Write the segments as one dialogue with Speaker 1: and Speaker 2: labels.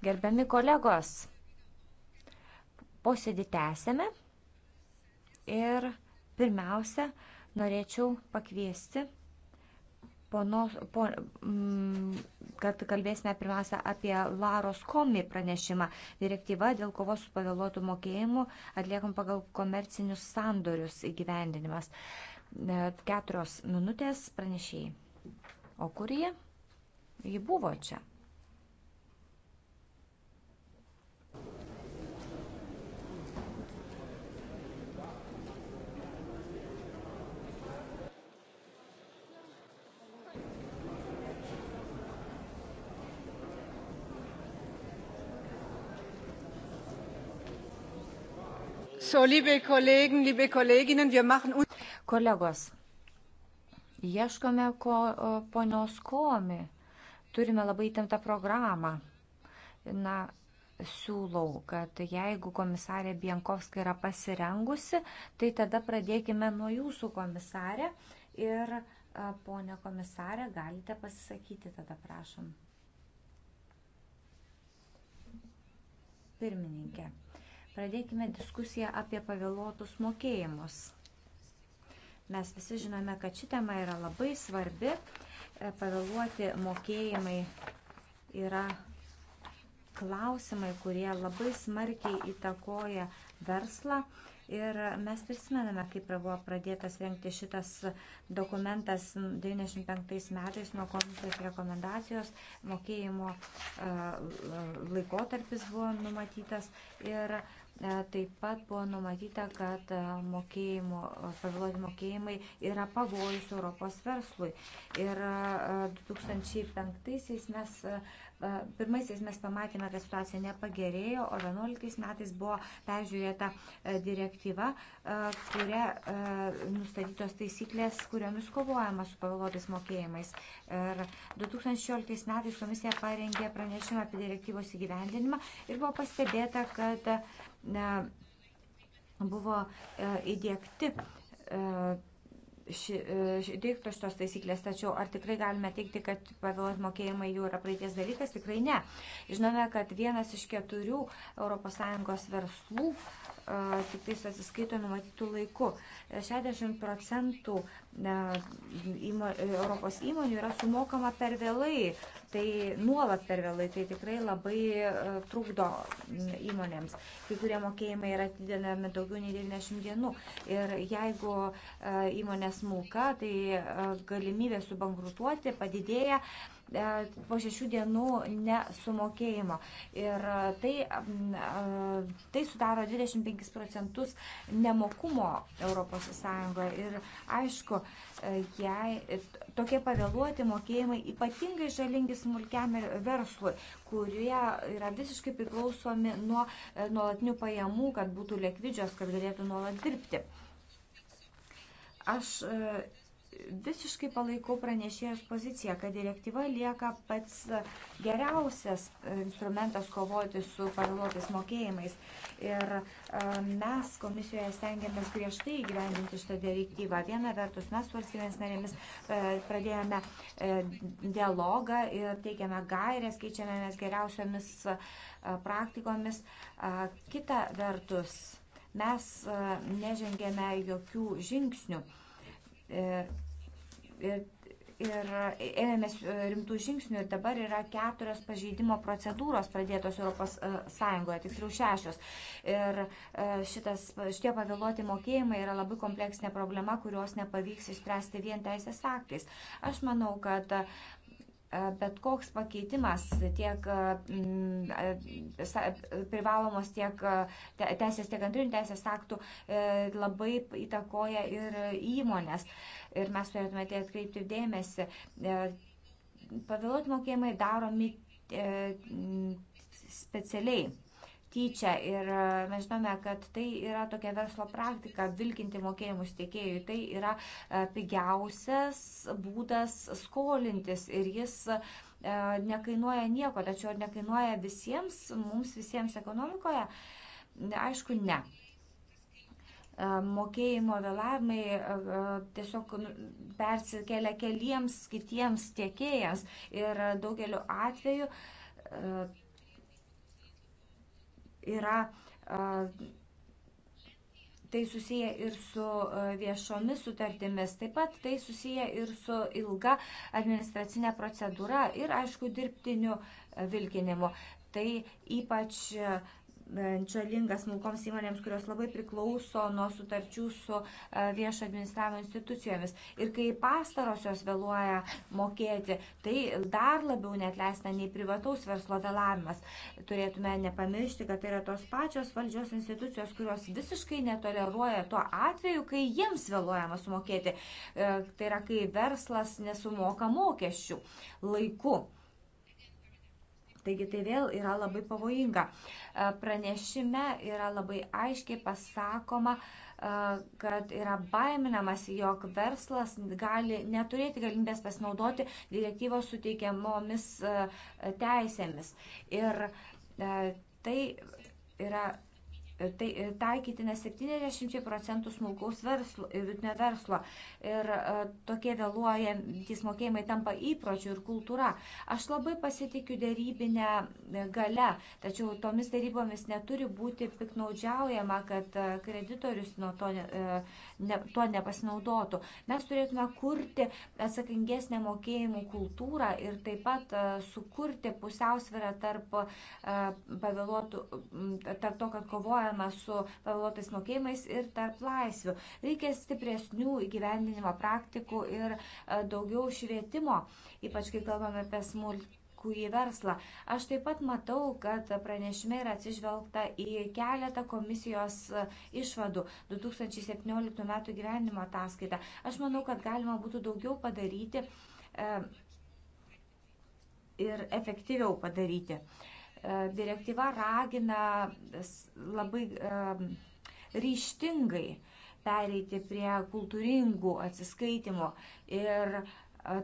Speaker 1: Gerbiami kolegos, posėdį tęsėme ir pirmiausia, norėčiau pakviesti, ponos, pon, mm, kad kalbėsime pirmiausia apie Laros Komi pranešimą. Direktyva dėl kovos su pavėluotų mokėjimu atliekam pagal komercinius sandorius įgyvendinimas. E, keturios minutės pranešėjai. O kur jie? Ji buvo čia. So, liebe Kollegen, liebe Kolleginnen, wir machen uns. Kolegos, ieškome ko, e, ponios Komi turime labai įtemptą programą. Na, siūlau, kad jeigu komisarė Bienkovska yra pasirengusi, tai tada pradėkime nuo jūsų komisarė ir ponė komisarė galite pasisakyti tada, prašom. Pirmininkė, pradėkime diskusiją apie pavėluotus mokėjimus. Mes visi žinome, kad ši tema yra labai svarbi. E, pavėluoti mokėjimai yra klausimai, kurie labai smarkiai įtakoja verslą. Ir mes prisimename, kaip buvo pradėtas renkti šitas dokumentas 95 metais nuo komisijos rekomendacijos, mokėjimo e, laikotarpis buvo numatytas ir E, taip pat buvo numatyta, kad e, mokėjimo, pavėluoti mokėjimai yra pavojus Europos verslui. Ir 2005 e, mes, pirmaisiais mes pamatėme, kad situacija nepagerėjo, o 2011 metais buvo peržiūrėta direktyva, kuria nustatytos taisyklės, kuriomis kovojama su pavėluotais mokėjimais. Ir 2016 metais komisija parengė pranešimą apie direktyvos įgyvendinimą ir buvo pastebėta, kad ne, buvo e, įdėkti e, e, įdėktos šitos taisyklės, tačiau ar tikrai galime teikti, kad pavėluoti mokėjimai jau yra praeities dalykas, tikrai ne. Žinome, kad vienas iš keturių ES verslų uh, tik tais atsiskaito numatytų laiku. 60 procentų Europos įmonių yra sumokama per vėlai, tai nuolat per vėlai, tai tikrai labai e, trukdo įmonėms. Kai kurie mokėjimai yra atidedami daugiau nei 90 dienų. Ir jeigu e, įmonė smulka, tai e, galimybė subankrutuoti padidėja. E, po šešių dienų nesumokėjimo. Ir e, tai, e, tai sudaro 25 procentus nemokumo ES. Ir aišku, jei tokie pavėluoti mokėjimai ypatingai žalingi smulkiam verslui, kurie yra visiškai priklausomi nuo nuolatinių pajamų, kad būtų lėkvidžios, kad galėtų nuolat dirbti. Aš visiškai palaikau pranešėjos poziciją, kad direktyva lieka pats geriausias instrumentas kovoti su pavėluotais mokėjimais. Ir e, mes komisijoje stengiamės griežtai įgyvendinti šitą direktyvą. Viena vertus, mes su valstybės narėmis e, pradėjome e, dialogą ir teikiame gairias, keičiamės geriausiomis praktikomis. Kita vertus, mes nežengėme jokių žingsnių. Ir ir ėmėmės rimtų žingsnių ir dabar yra keturios pažeidimo procedūros pradėtos Europos e, Sąjungoje, tiksliau šešios. Ir e, šitas, šitie pavėluoti mokėjimai yra labai kompleksinė problema, kurios nepavyks išspręsti vien teisės aktais. Aš manau, kad E, bet koks pakeitimas tiek e, e, privalomos tiek teisės, tiek antrinių teisės aktų labai įtakoja ir įmonės. Ir mes turėtume tai atkreipti dėmesį. Pavėluoti mokėjimai daromi specialiai tyčia. Ir e, mes žinome, kad tai yra tokia verslo praktika - vilkinti mokėjimus tiekėjui. Tai yra e, pigiausias būdas skolintis ir jis e, nekainuoja nieko, tačiau ar nekainuoja visiems, mums visiems ekonomikoje? Aišku, ne. Mokėjimo vėlavimai tiesiog nu, persikelia keliems kitiems tiekėjams ir daugeliu atveju yra tai susiję ir su viešomis sutartimis, taip pat tai susiję ir su ilga administracinė procedūra ir, aišku, dirbtiniu vilkinimu. Tai ypač žalingas smulkoms įmonėms, kurios labai priklauso nuo sutarčių su e, viešo administravimo institucijomis. Ir kai pastarosios vėluoja mokėti, tai dar labiau netleista nei privataus verslo vėlavimas. Turėtume nepamiršti, kad tai yra tos pačios valdžios institucijos, kurios visiškai netoleruoja tuo atveju, kai jiems vėluojama sumokėti. E, tai yra, kai verslas nesumoka mokesčių laiku. Taigi tai vėl yra labai pavojinga. E, pranešime yra labai aiškiai pasakoma, e, kad yra baiminamas, jog verslas gali neturėti galimybės pasinaudoti direktyvos suteikiamomis e, teisėmis. Ir tai yra tai e, taikytina 70 procentų smulkaus verslo ir e, vidutinio verslo. Ir e, tokie vėluojantys mokėjimai tampa įpročių ir kultūra. Aš labai pasitikiu dėrybinę gale, tačiau tomis dėrybomis neturi būti piknaudžiaujama, kad kreditorius nuo to, ne, ne, to nepasinaudotų. Mes turėtume kurti atsakingesnę mokėjimų kultūrą ir taip pat sukurti pusiausvyrą tarp, tarp to, kad kovoja kovojama su pavėluotais mokėjimais ir tarp laisvių. Reikia stipresnių įgyvendinimo praktikų ir e, daugiau švietimo, ypač kai kalbame apie smulkį į verslą. Aš taip pat matau, kad pranešime yra atsižvelgta į keletą komisijos e, išvadų 2017 m. gyvenimo ataskaitą. Aš manau, kad galima būtų daugiau padaryti e, ir efektyviau padaryti. E, E, direktyva ragina labai e, ryštingai pereiti prie kultūringų atsiskaitimų ir e,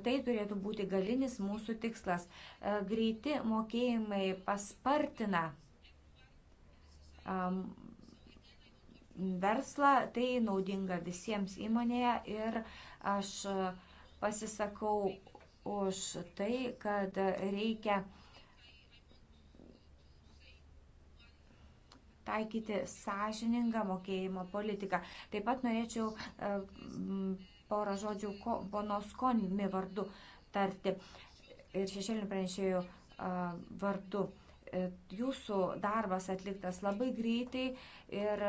Speaker 1: tai turėtų būti galinis mūsų tikslas. Greiti mokėjimai paspartina verslą, tai naudinga visiems įmonėje ir aš pasisakau už tai, kad reikia uh, taikyti sąžiningą mokėjimo politiką. Taip pat norėčiau e, porą žodžių ponos Konmi vardu tarti ir šešėlinių pranešėjų e, vardu. E, jūsų darbas atliktas labai greitai ir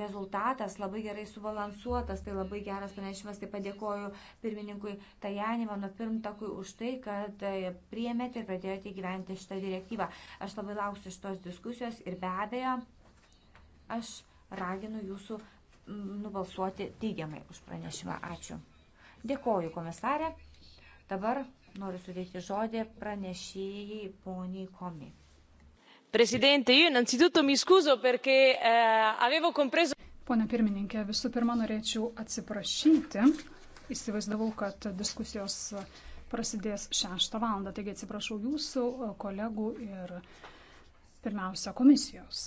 Speaker 1: rezultatas labai gerai subalansuotas, tai labai geras pranešimas, tai padėkoju pirmininkui Tajani, mano pirmtakui, už tai, kad priemėte ir pradėjote įgyventi šitą direktyvą. Aš labai lauksiu šitos diskusijos ir be abejo Aš raginu jūsų nubalsuoti teigiamai už pranešimą. Ačiū. Dėkoju, komisarė. Dabar
Speaker 2: noriu sudėti žodį pranešėjai poniai Komi. Presidente, io innanzitutto mi scuso perché eh, avevo compreso. Pone pirmininkė, visų pirma norėčiau atsiprašyti. Įsivaizdavau, kad diskusijos prasidės 6 val. Taigi atsiprašau jūsų kolegų ir pirmiausia komisijos.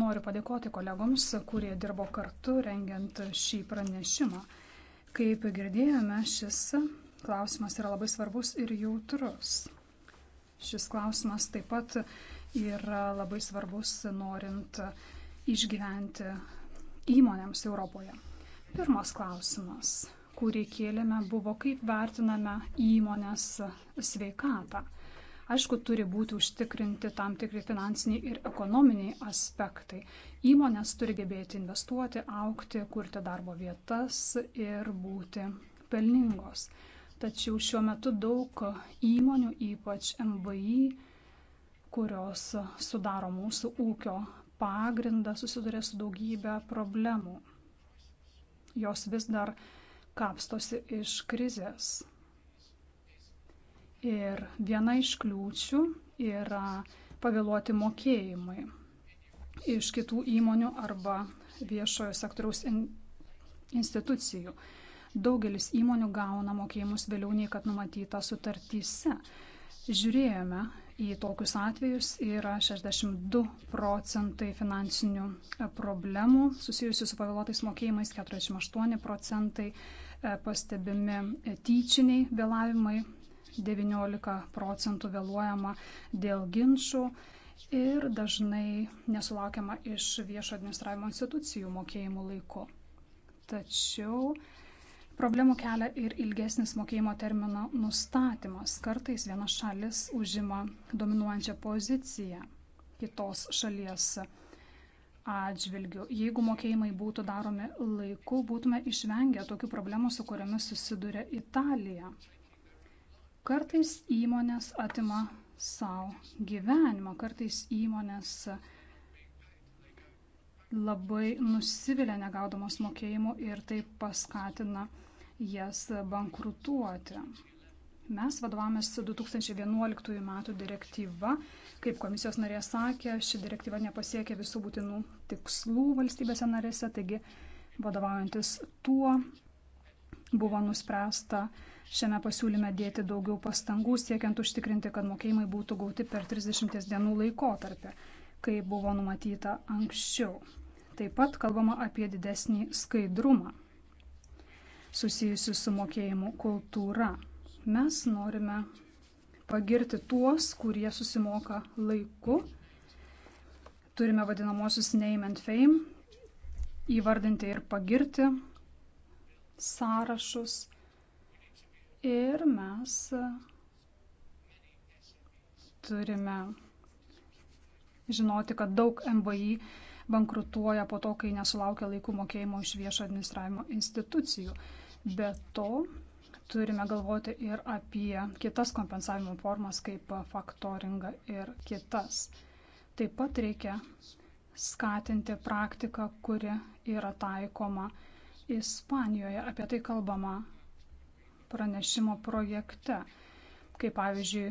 Speaker 2: Noriu padėkoti kolegoms, kurie dirbo kartu rengiant šį pranešimą. Kaip girdėjome, šis klausimas yra labai svarbus ir jautrus. Šis klausimas taip pat yra labai svarbus norint išgyventi įmonėms Europoje. Pirmas klausimas, kurį kėlėme, buvo kaip vertiname įmonės sveikatą. Aišku, turi būti užtikrinti tam tikri finansiniai ir ekonominiai aspektai. Įmonės turi gebėti investuoti, aukti, kurti darbo vietas ir būti pelningos. Tačiau šiuo metu daug įmonių, ypač MVI, kurios sudaro mūsų ūkio pagrindą, susiduria su daugybė problemų. Jos vis dar kapstosi iš krizės Ir viena iš kliūčių yra pavėluoti mokėjimai iš kitų įmonių arba viešojo sektoriaus in, institucijų. Daugelis įmonių gauna mokėjimus vėliau nei kad numatyta sutartyse. Žiūrėjome į tokius atvejus yra 62 procentai finansinių e, problemų susijusių su pavėluotais mokėjimais, 48 procentai e, pastebimi e, tyčiniai vėlavimai, 19 procentų vėluojama dėl ginčių ir dažnai nesulaukiama iš viešo administravimo institucijų mokėjimų laiku. Tačiau problemų kelia ir ilgesnis mokėjimo termino nustatymas. Kartais viena šalis užima dominuojančią poziciją kitos šalies atžvilgių. Jeigu mokėjimai būtų daromi laiku, būtume išvengę tokių problemų, su kuriamis susiduria Italija. Kartais įmonės atima savo gyvenimą, kartais įmonės labai nusivilia negaudamos mokėjimų ir tai paskatina jas bankrutuoti. Mes vadovavomės 2011 m. direktyva. Kaip komisijos narė sakė, ši direktyva nepasiekė visų būtinų tikslų valstybėse narėse, taigi vadovaujantis tuo buvo nuspręsta šiame pasiūlyme dėti daugiau pastangų, siekiant užtikrinti, kad mokėjimai būtų gauti per 30 dienų laikotarpį, kai buvo numatyta anksčiau. Taip pat kalbama apie didesnį skaidrumą susijusiu su mokėjimu kultūra. Mes norime pagirti tuos, kurie susimoka laiku. Turime vadinamosius name and fame įvardinti ir pagirti sąrašus ir mes turime žinoti, kad daug MVI bankrutuoja po to, kai nesulaukia laikų mokėjimo iš viešo administravimo institucijų. Be to, turime galvoti ir apie kitas kompensavimo formas, kaip faktoringą ir kitas. Taip pat reikia skatinti praktiką, kuri yra taikoma Ispanijoje apie tai kalbama pranešimo projekte. Kai pavyzdžiui,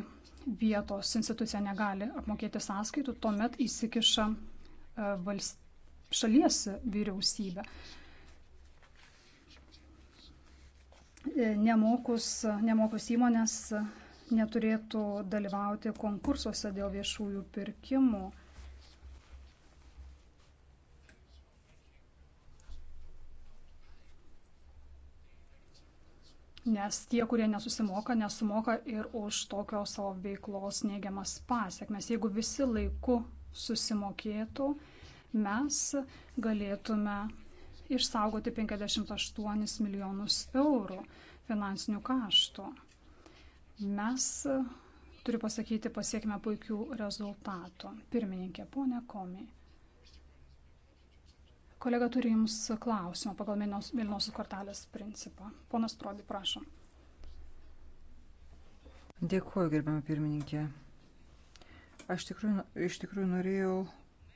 Speaker 2: vietos institucija negali apmokėti sąskaitų, tuomet įsikiša e, valst... šalies vyriausybė. E, nemokus, nemokus įmonės neturėtų dalyvauti konkursuose dėl viešųjų pirkimų. nes tie, kurie nesusimoka, nesumoka ir už tokios savo veiklos neigiamas pasiekmes. Jeigu visi laiku susimokėtų, mes galėtume išsaugoti 58 milijonus eurų finansinių kaštų. Mes, turiu pasakyti, pasiekime puikių rezultatų. Pirmininkė, ponė Komi. Kolega turi Jums klausimą pagal Vilniaus kortelės principą. Ponas Prodi, prašom.
Speaker 3: Dėkuoju, gerbiamą pirmininkę. Aš tikrųjų, nu, iš tikrųjų norėjau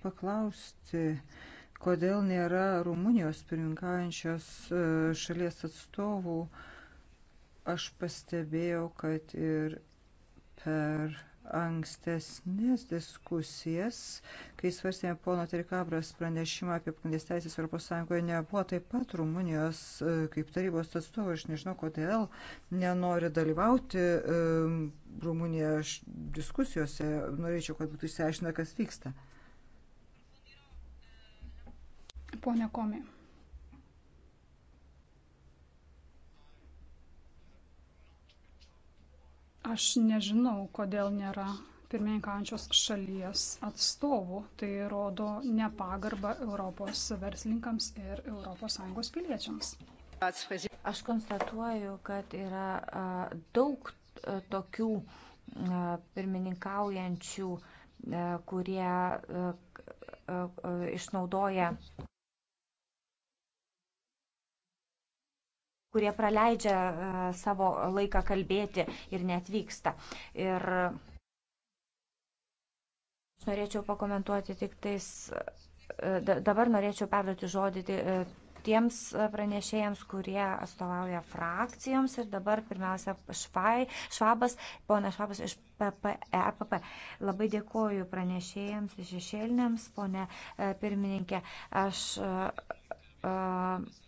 Speaker 3: paklausti, kodėl nėra Rumunijos pirmininkaujančios e, šalies atstovų. Aš pastebėjau, kad ir per ankstesnės diskusijas, kai svarstėme pono Terikabras pranešimą apie pagrindės teisės Europos Sąjungoje, nebuvo taip pat Rumunijos e, kaip tarybos atstovo, aš nežinau, kodėl nenori dalyvauti e, Rumunija diskusijose, norėčiau, kad būtų išsiaiškina, kas vyksta.
Speaker 2: Pone Komi. Aš nežinau, kodėl nėra pirmininkaujančios šalies atstovų. Tai rodo nepagarbą Europos verslininkams ir ES piliečiams. Aš konstatuoju, kad yra daug
Speaker 1: tokių pirmininkaujančių, kurie išnaudoja kurie praleidžia e, savo laiką kalbėti ir netvyksta. Ir aš norėčiau pakomentuoti tik tais, e, dabar norėčiau perduoti žodį e, tiems pranešėjams, kurie atstovauja frakcijoms ir dabar pirmiausia švai, Švabas, pona Švabas iš EPP. Labai dėkoju pranešėjams, šešėlinėms, ponė pirmininkė. Aš uh, uh,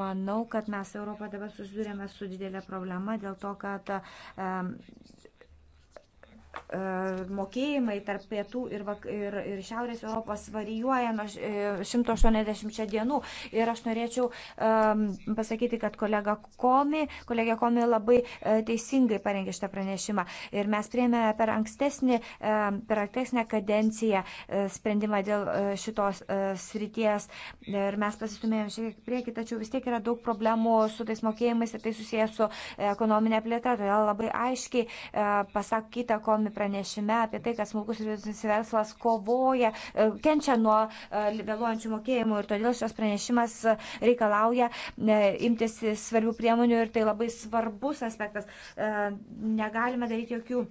Speaker 1: Manau, kad mes Europoje dabar susidurėme su didelė problema dėl to, kad E, mokėjimai tarp pietų ir, vak, ir, ir šiaurės Europos varijuoja nuo 180 e, dienų. Ir aš norėčiau um, pasakyti, kad kolega Komi, kolegė Komi labai uh, teisingai parengė šitą pranešimą. Ir mes prieėmė per ankstesnį, um, per ankstesnę kadenciją uh, sprendimą dėl uh, šitos uh, srities. Ir mes pasistumėjom šiek tiek prieki, tačiau vis tiek yra daug problemų su tais mokėjimais ir tai susijęs su ekonominė plėtra. Todėl labai aiškiai uh, pasakyta Komi pranešimą pranešime apie tai, kad smulkus ir vidutinis verslas kovoja, e, kenčia nuo e, vėluojančių mokėjimų ir todėl šios pranešimas reikalauja e, imtis svarbių priemonių ir tai labai svarbus aspektas. Negalime daryti jokių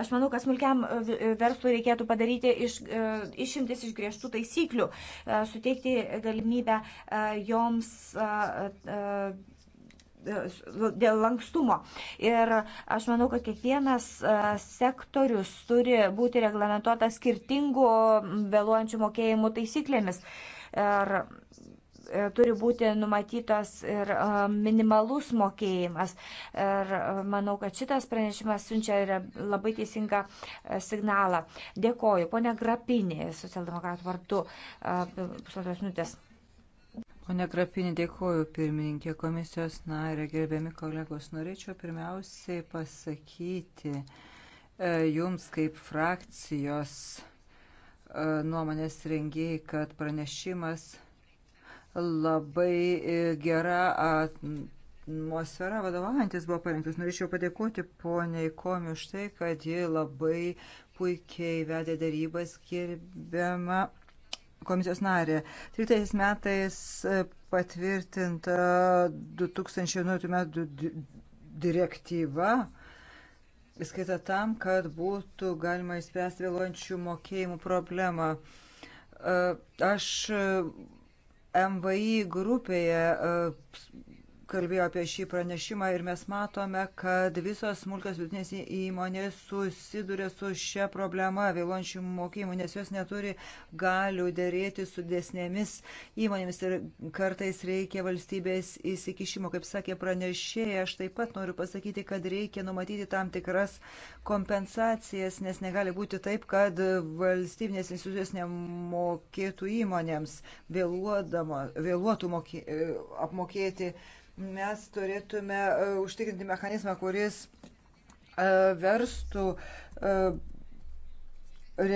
Speaker 1: Aš manau, kad smulkiam verslui reikėtų padaryti iš, išimtis iš griežtų taisyklių, suteikti galimybę joms dėl lankstumo. Ir aš manau, kad kiekvienas e, sektorius turi būti reglamentuotas skirtingų vėluojančių mokėjimų taisyklėmis. Ir e, turi būti numatytas ir e, minimalus mokėjimas. Ir manau, kad šitas pranešimas siunčia ir labai teisingą signalą. Dėkoju, ponia Grapinė, socialdemokratų vardu, pusantros minutės.
Speaker 3: Pone Grapinį, dėkuoju pirmininkė komisijos narė, gerbiami kolegos. Norėčiau pirmiausiai pasakyti e, jums kaip frakcijos e, nuomonės rengėjai, kad pranešimas labai e, gera atmosfera vadovaujantis buvo parinktas. Norėčiau padėkoti poniai Komi už tai, kad ji labai puikiai vedė darybas, gerbiama komisijos narė. 13 metais e, patvirtinta 2011 metų direktyva, įskaita tam, kad būtų galima įspręsti vėluojančių mokėjimų problemą. E, aš e, MVI grupėje kalbėjo apie šį pranešimą ir mes matome, kad visos smulkios vidutinės įmonės susiduria su šia problema vėluojančių mokymų, nes jos neturi galių dėrėti su desnėmis įmonėmis ir kartais reikia valstybės įsikišimo. Kaip sakė pranešėjai, aš taip pat noriu pasakyti, kad reikia numatyti tam tikras kompensacijas, nes negali būti taip, kad valstybinės institucijos nemokėtų įmonėms vėluodamo, vėluotų moky, e, apmokėti Mes turėtume e, užtikrinti mechanizmą, kuris e, verstų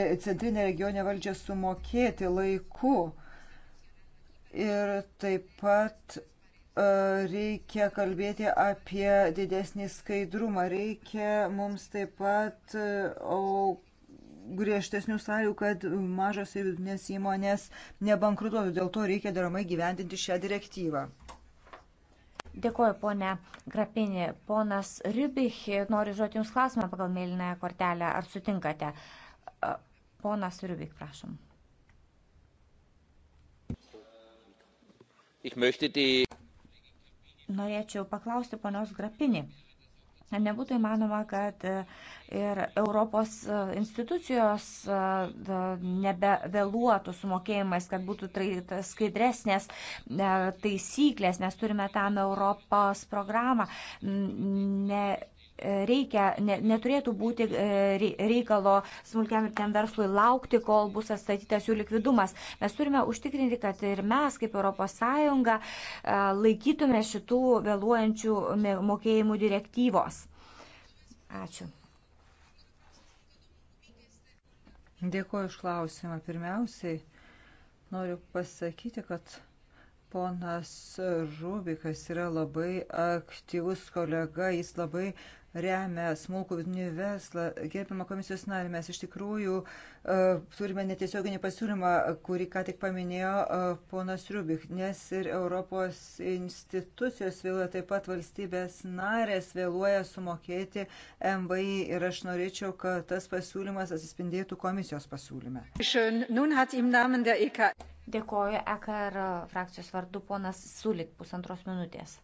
Speaker 3: e, centrinę regionę valdžią sumokėti laiku. Ir taip pat reikia kalbėti apie didesnį skaidrumą. Reikia mums taip pat griežtesnių sąlygų, kad mažos ir vidutinės įmonės nebankrutuotų.
Speaker 1: Dėl to reikia deramai gyvendinti šią direktyvą. Dėkuoju, ponė Grapinė. Ponas Rybich, noriu žodžiu Jums klausimą pagal mėlynąją kortelę. Ar sutinkate? Ponas Rybich, prašom. Norėčiau paklausti ponios Grapinį nebūtų įmanoma, kad e, ir Europos e, institucijos e, nebevėluotų su mokėjimais, kad būtų skaidresnės taisyklės, mes turime tam Europos programą. Ne, reikia, ne, neturėtų būti e, reikalo smulkiam ir ten verslui laukti, kol bus atstatytas jų likvidumas. Mes turime užtikrinti, kad ir mes, kaip ES, e, laikytume šitų vėluojančių mokėjimų direktyvos. Ačiū.
Speaker 3: Dėkuoju iš klausimą. Pirmiausiai noriu pasakyti, kad Ponas Žubikas yra labai aktyvus kolega, jis labai remia smulkų vidinį verslą. Gerbimo komisijos narį, mes iš tikrųjų e, turime netiesioginį pasiūlymą, kurį ką tik paminėjo e, ponas Riubik, nes ir Europos institucijos vėluoja, taip pat valstybės narės vėluoja sumokėti MVI ir aš norėčiau, kad tas pasiūlymas atsispindėtų komisijos pasiūlyme.
Speaker 1: Dėkoju EKR frakcijos vardu ponas Sulik pusantros minutės.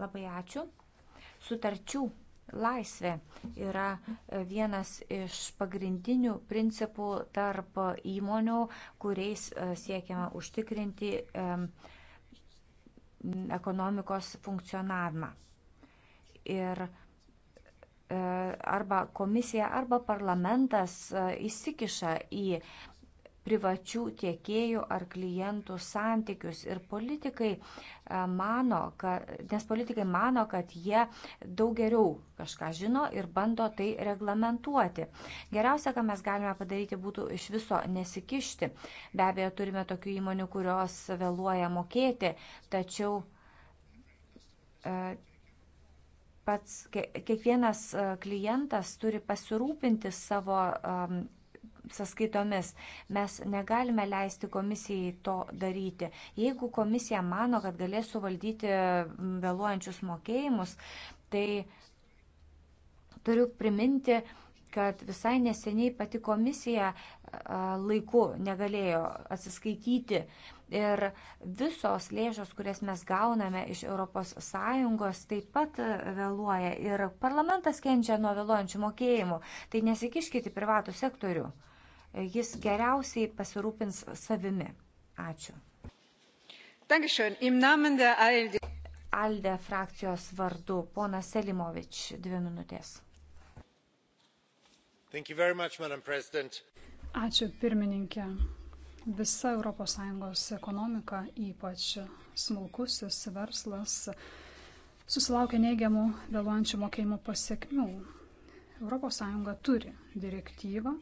Speaker 1: Labai ačiū. Sutarčių laisvė yra e, vienas iš pagrindinių principų tarp įmonių, kuriais e, siekiama užtikrinti ekonomikos funkcionavimą. Ir e, arba komisija, arba parlamentas įsikiša į privačių tiekėjų ar klientų santykius. Ir politikai e, mano, kad, nes politikai mano, kad jie daug geriau kažką žino ir bando tai reglamentuoti. Geriausia, ką mes galime padaryti, būtų iš viso nesikišti. Be abejo, turime tokių įmonių, kurios vėluoja mokėti, tačiau e, pats kiekvienas e, klientas turi pasirūpinti savo sąskaitomis. Mes negalime leisti komisijai to daryti. Jeigu komisija mano, kad galės suvaldyti vėluojančius mokėjimus, tai turiu priminti, kad visai neseniai pati komisija laiku negalėjo atsiskaityti ir visos lėšos, kurias mes gauname iš ES, taip pat vėluoja ir parlamentas kenčia nuo vėluojančių mokėjimų. Tai nesikiškite privatų sektorių. Jis geriausiai pasirūpins savimi. Ačiū. Alde frakcijos vardu,
Speaker 2: ponas Selimovič, dvi minutės. Much, Ačiū pirmininkė. Visa ES ekonomika, ypač smulkusis verslas, susilaukia neigiamų vėluojančių mokėjimų pasiekmių. ES turi direktyvą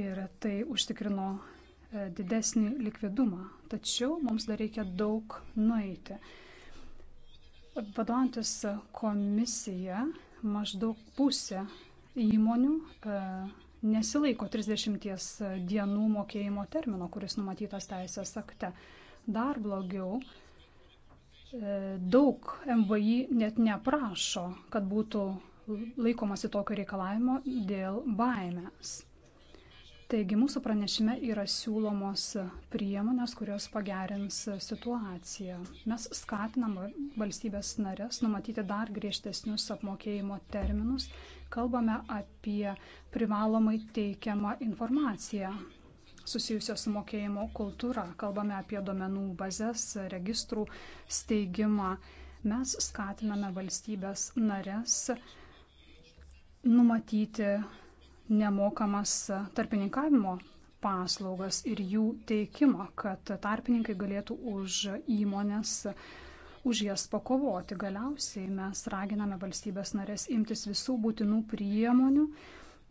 Speaker 2: ir tai užtikrino e, didesnį likvidumą. Tačiau mums dar reikia daug nueiti. Vadovantis komisija maždaug pusė įmonių e, nesilaiko 30 dienų mokėjimo termino, kuris numatytas teisės akte. Dar blogiau, e, daug MVI net neprašo, kad būtų laikomasi tokio reikalavimo dėl baimės. Taigi mūsų pranešime yra siūlomos priemonės, kurios pagerins situaciją. Mes skatinam valstybės narės numatyti dar griežtesnius apmokėjimo terminus. Kalbame apie privalomai teikiamą informaciją susijusios su mokėjimo kultūra. Kalbame apie domenų bazės, registrų steigimą. Mes skatiname valstybės narės numatyti nemokamas tarpininkavimo paslaugas ir jų teikimą, kad tarpininkai galėtų už įmonės, už jas pakovoti. Galiausiai mes raginame valstybės narės imtis visų būtinų priemonių,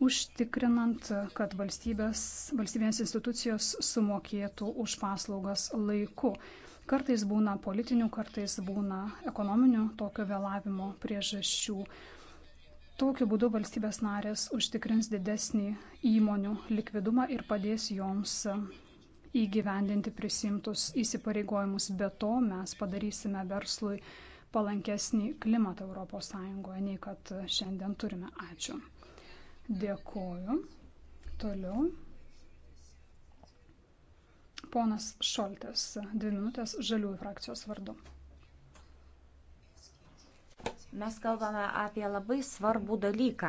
Speaker 2: užtikrinant, kad valstybės, valstybės institucijos sumokėtų už paslaugas laiku. Kartais būna politinių, kartais būna ekonominių tokio vėlavimo priežasčių. Tokiu būdu valstybės narės užtikrins didesnį įmonių likvidumą ir padės joms įgyvendinti prisimtus įsipareigojimus. Be to mes padarysime verslui palankesnį klimatą ES, nei kad šiandien turime. Ačiū. Dėkoju. Toliau. Ponas Šoltės, dvi minutės žaliųjų frakcijos vardu. Mes kalbame apie labai svarbų dalyką.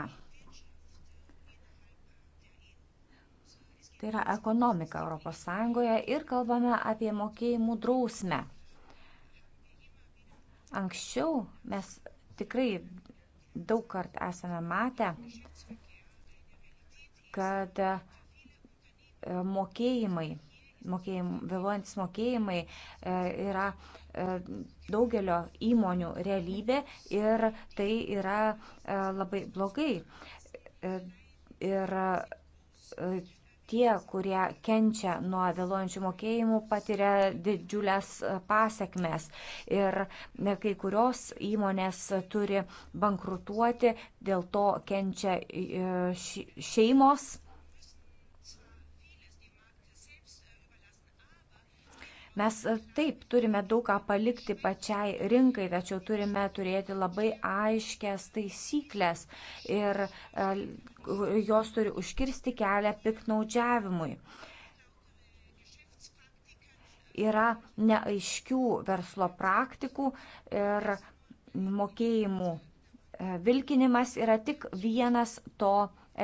Speaker 1: Tai yra ekonomika ES ir kalbame apie mokėjimų drausmę. Anksčiau mes tikrai daug kart esame matę, kad e, mokėjimai mokėjim, vėluojantis mokėjimai e, yra e, daugelio įmonių realybė ir tai yra e, labai blogai. Ir tie, kurie kenčia nuo vėluojančių mokėjimų, patiria didžiulės pasiekmes. Ir kai kurios įmonės turi bankrutuoti, dėl to kenčia šeimos Mes e, taip turime daug ką palikti pačiai rinkai, tačiau turime turėti labai aiškias taisyklės ir e, jos turi užkirsti kelią piknaudžiavimui yra neaiškių verslo praktikų ir mokėjimų e, vilkinimas yra tik vienas to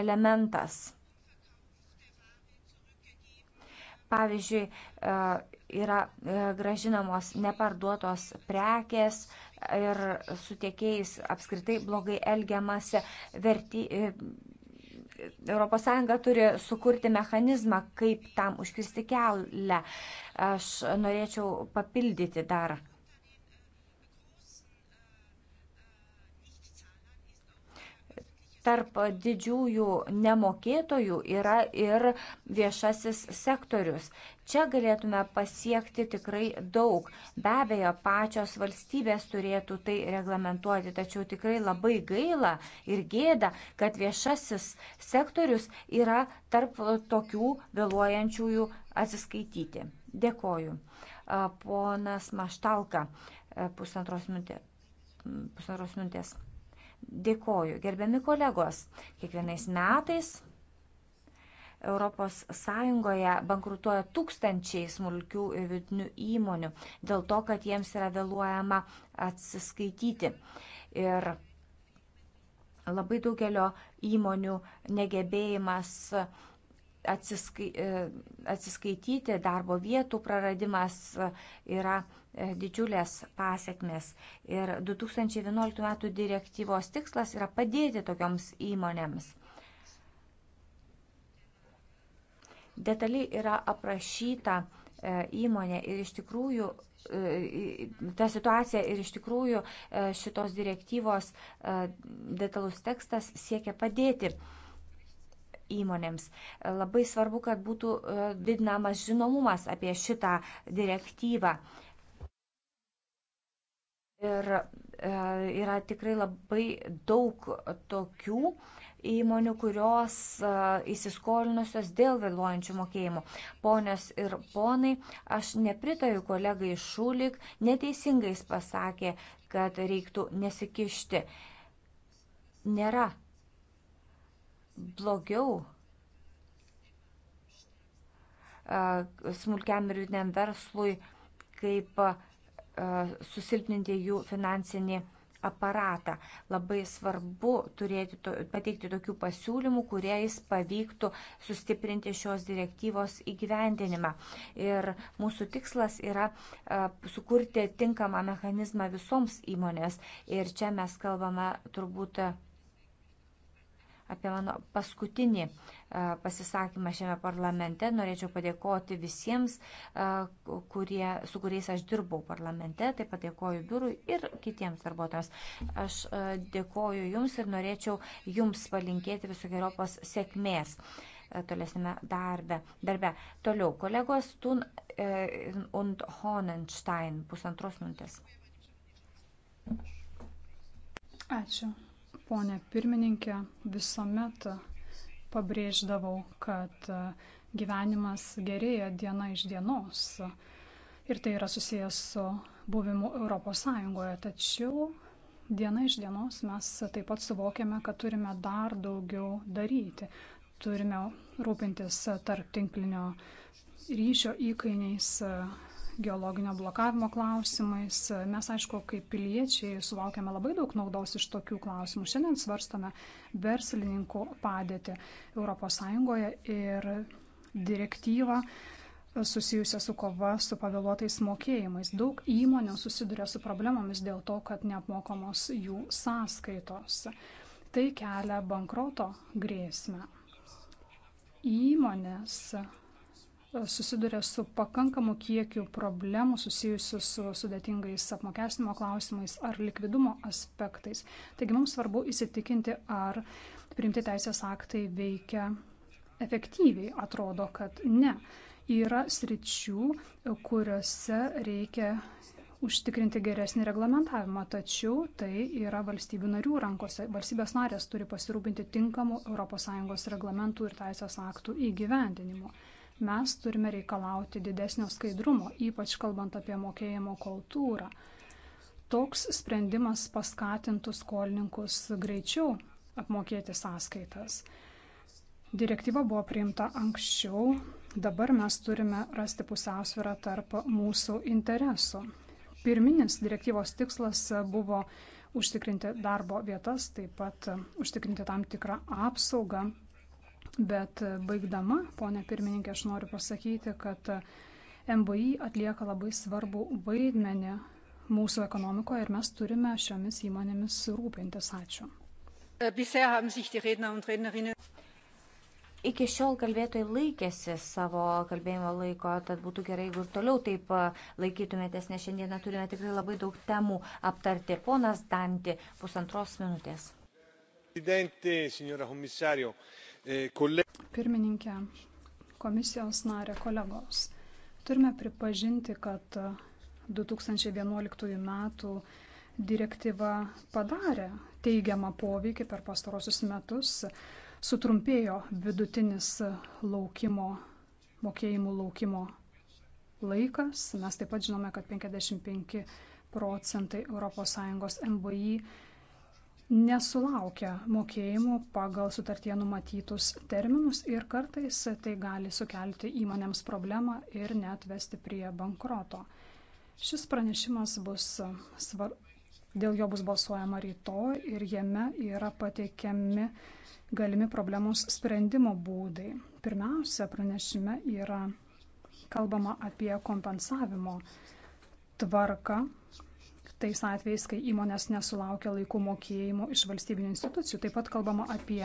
Speaker 1: elementas. Pavyzdžiui, yra e, gražinamos neparduotos prekės ir su tiekėjais apskritai blogai elgiamasi. Verti, ES turi sukurti mechanizmą, kaip tam užkirsti kelią. Aš norėčiau papildyti dar tarp didžiųjų nemokėtojų yra ir viešasis sektorius. Čia galėtume pasiekti tikrai daug. Be abejo, pačios valstybės turėtų tai reglamentuoti, tačiau tikrai labai gaila ir gėda, kad viešasis sektorius yra tarp tokių vėluojančiųjų atsiskaityti. Dėkoju. Ponas Maštalka, pusantros minutės. Pusantros minutės. Dėkoju. Gerbiami kolegos, kiekvienais metais ES bankrutuoja tūkstančiai smulkių ir vidinių įmonių dėl to, kad jiems yra vėluojama atsiskaityti. Ir labai daugelio įmonių negebėjimas uh, atsiskai, e, atsiskaityti, darbo vietų praradimas e, yra e, didžiulės pasiekmes. Ir 2011 m. direktyvos tikslas yra padėti tokioms įmonėms. Detaliai yra aprašyta įmonė ir iš tikrųjų ta situacija ir iš tikrųjų šitos direktyvos detalus tekstas siekia padėti įmonėms. Labai svarbu, kad būtų e, didinamas žinomumas apie šitą direktyvą. Ir e, yra tikrai labai daug tokių įmonių, kurios e, įsiskolinusios dėl vėluojančių mokėjimų. Ponios ir ponai, aš nepritariu kolegai Šūlik, neteisingai jis pasakė, kad reiktų nesikišti. Nėra blogiau smulkiam ir vidiniam verslui, kaip susilpninti jų finansinį aparatą. Labai svarbu turėti, to, pateikti tokių pasiūlymų, kuriais pavyktų sustiprinti šios direktyvos įgyvendinimą. Ir mūsų tikslas yra a, sukurti tinkamą mechanizmą visoms įmonės. Ir čia mes kalbame turbūt apie mano paskutinį e, pasisakymą šiame parlamente. Norėčiau padėkoti visiems, e, kurie, su kuriais aš dirbau parlamente, taip pat dėkoju biurui ir kitiems darbuotojams. Aš e, dėkoju Jums ir norėčiau Jums palinkėti visokiojopos sėkmės tolesnėme darbe. darbe. Toliau, kolegos Tun und Honenstein, pusantros minutės.
Speaker 2: Ačiū. Pone pirmininkė, visuomet pabrėždavau, kad gyvenimas gerėja diena iš dienos. Ir tai yra susijęs su buvimu Europos Sąjungoje. Tačiau diena iš dienos mes taip pat suvokiame, kad turime dar daugiau daryti. Turime rūpintis tarp tinklinio ryšio įkainiais, geologinio blokavimo klausimais. Mes, aišku, kaip piliečiai sulaukėme labai daug naudos iš tokių klausimų. Šiandien svarstame verslininkų padėtį ES ir direktyvą susijusią su kova su pavėluotais mokėjimais. Daug įmonių susiduria su problemomis dėl to, kad neapmokamos jų sąskaitos. Tai kelia bankroto grėsmę. Įmonės susiduria su pakankamu kiekiu problemų susijusių su sudėtingais apmokestinimo klausimais ar likvidumo aspektais. Taigi mums svarbu įsitikinti, ar priimti teisės aktai veikia efektyviai. Atrodo, kad ne. Yra sričių, kuriuose reikia užtikrinti geresnį reglamentavimą, tačiau tai yra valstybių narių rankose. Valstybės narės turi pasirūpinti tinkamų ES reglamentų ir teisės aktų įgyvendinimu mes turime reikalauti didesnio skaidrumo, ypač kalbant apie mokėjimo kultūrą. Toks sprendimas paskatintų skolininkus greičiau apmokėti sąskaitas. Direktyva buvo priimta anksčiau, dabar mes turime rasti pusiausvyrą tarp mūsų interesų. Pirminis direktyvos tikslas buvo užtikrinti darbo vietas, taip pat užtikrinti tam tikrą apsaugą Bet e, baigdama, ponė pirmininkė, aš noriu pasakyti, kad e, MBI atlieka labai svarbu vaidmenį mūsų ekonomikoje ir mes turime šiomis įmonėmis rūpintis. Ačiū.
Speaker 3: Äh,
Speaker 1: Iki šiol kalbėtojai laikėsi savo kalbėjimo laiko, tad būtų gerai, jeigu ir toliau taip e, laikytumėtės, nes šiandieną turime tikrai labai daug temų aptarti. Ponas
Speaker 2: Danti, pusantros minutės. Presidente, signora komisario, uh, Pirmininkė, komisijos narė, kolegos, turime pripažinti, kad 2011 m. direktyva padarė teigiamą poveikį per pastarosius metus, sutrumpėjo vidutinis laukimo, mokėjimų laukimo laikas. Mes taip pat žinome, kad 55 procentai ES MVI nesulaukia mokėjimų pagal sutartie numatytus terminus ir kartais tai gali sukelti įmonėms problemą ir net vesti prie bankroto. Šis pranešimas bus svar... dėl jo bus balsuojama rytoj ir jame yra pateikiami galimi problemos sprendimo būdai. Pirmiausia, pranešime yra kalbama apie kompensavimo tvarką tais atvejais, kai įmonės nesulaukia laikų mokėjimų iš valstybinių institucijų. Taip pat kalbama apie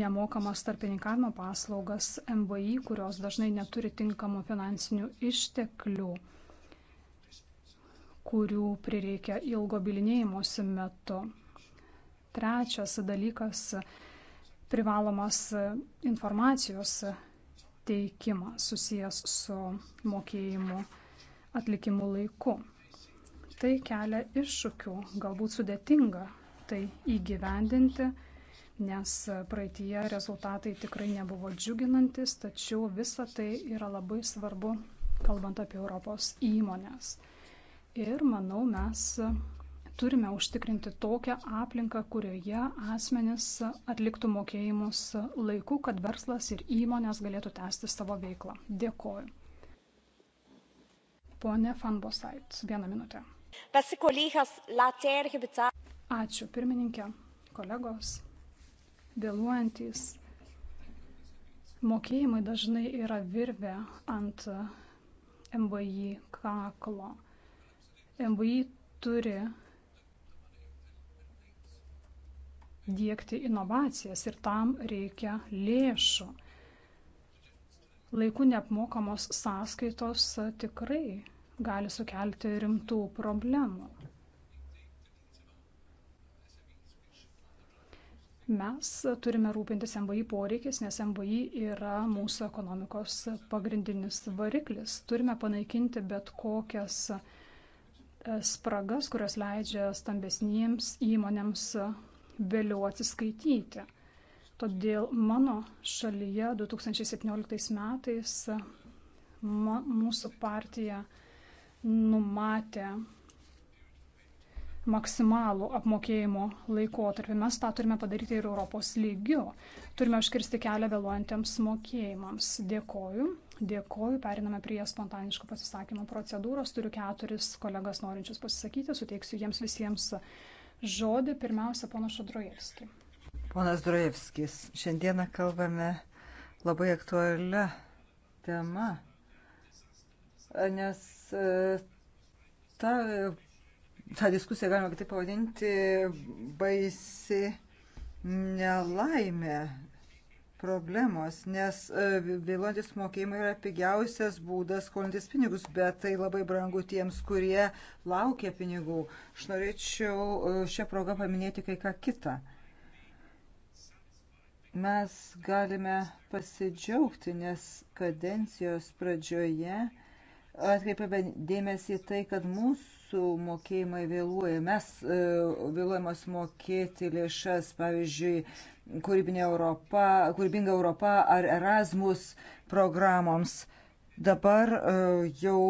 Speaker 2: nemokamas tarpininkavimo paslaugas MVI, kurios dažnai neturi tinkamų finansinių išteklių kurių prireikia ilgo bilinėjimosi metu. Trečias dalykas - privalomas informacijos teikimas susijęs su mokėjimu atlikimu laiku. Tai kelia iššūkių, galbūt sudėtinga tai įgyvendinti, nes praeitie rezultatai tikrai nebuvo džiuginantis, tačiau visa tai yra labai svarbu, kalbant apie Europos įmonės. Ir manau, mes turime užtikrinti tokią aplinką, kurioje asmenys atliktų mokėjimus laiku, kad verslas ir įmonės galėtų tęsti savo veiklą. Dėkoju. Pone Fanbosait, vieną minutę. Ačiū, pirmininkė, kolegos. Vėluojantys mokėjimai dažnai yra virvė ant MVI kaklo. MVI turi dėkti inovacijas ir tam reikia lėšų. Laiku neapmokamos sąskaitos tikrai gali sukelti rimtų problemų. Mes turime rūpintis MVI poreikis, nes MVI yra mūsų ekonomikos pagrindinis variklis. Turime panaikinti bet kokias e, spragas, kurios leidžia stambesniems įmonėms vėliau atsiskaityti. Todėl mano šalyje 2017 metais ma, mūsų partija numatę maksimalų apmokėjimo laikotarpį. Mes tą turime padaryti ir Europos lygiu. Turime užkirsti kelią vėluojantiems mokėjimams. Dėkoju. Dėkoju. Periname prie spontaniško pasisakymo procedūros. Turiu keturis kolegas norinčius pasisakyti. Suteiksiu jiems visiems žodį. Pirmiausia, ponas Šadrojevski.
Speaker 3: Ponas Drojevskis, šiandieną kalbame labai aktualią temą nes e, ta, ta diskusija, galima taip pavadinti, baisi nelaimė problemos, nes e, vėluojantis mokėjimai yra pigiausias būdas skolintis pinigus, bet tai labai brangu tiems, kurie laukia pinigų. Aš norėčiau e, šią progą paminėti kai ką kitą. Mes galime pasidžiaugti, nes kadencijos pradžioje atkreipėme dėmesį į tai, kad mūsų mokėjimai vėluoja. Mes e, vėluojamos mokėti lėšas, pavyzdžiui, kūrybinė Europa, kūrybinga Europa ar Erasmus programoms. Dabar e, jau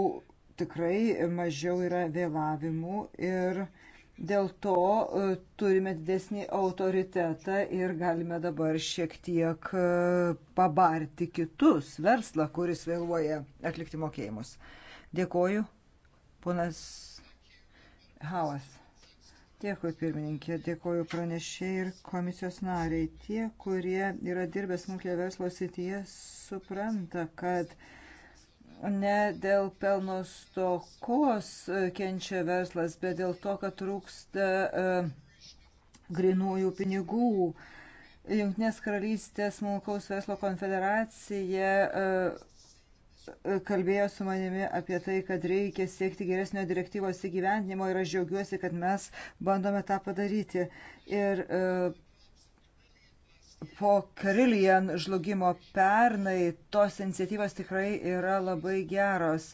Speaker 3: tikrai mažiau yra vėlavimų ir uh, Dėl to e, turime didesnį autoritetą ir galime dabar šiek tiek e, pabarti kitus verslą, kuris vėluoja atlikti mokėjimus. Dėkoju, ponas Havas. Dėkui pirmininkė, dėkoju pranešėjai ir komisijos nariai. Tie, kurie yra dirbę smulkio verslo sityje, supranta, kad uh, ne dėl pelno stokos e, kenčia verslas, bet dėl to, kad trūksta e, grinųjų pinigų. Junktinės karalystės smulkaus verslo konfederacija e, kalbėjo su manimi apie tai, kad reikia siekti geresnio direktyvos įgyvendinimo ir aš džiaugiuosi, kad mes bandome tą padaryti. Ir uh, po Karilijan žlugimo pernai tos iniciatyvos tikrai yra labai geros.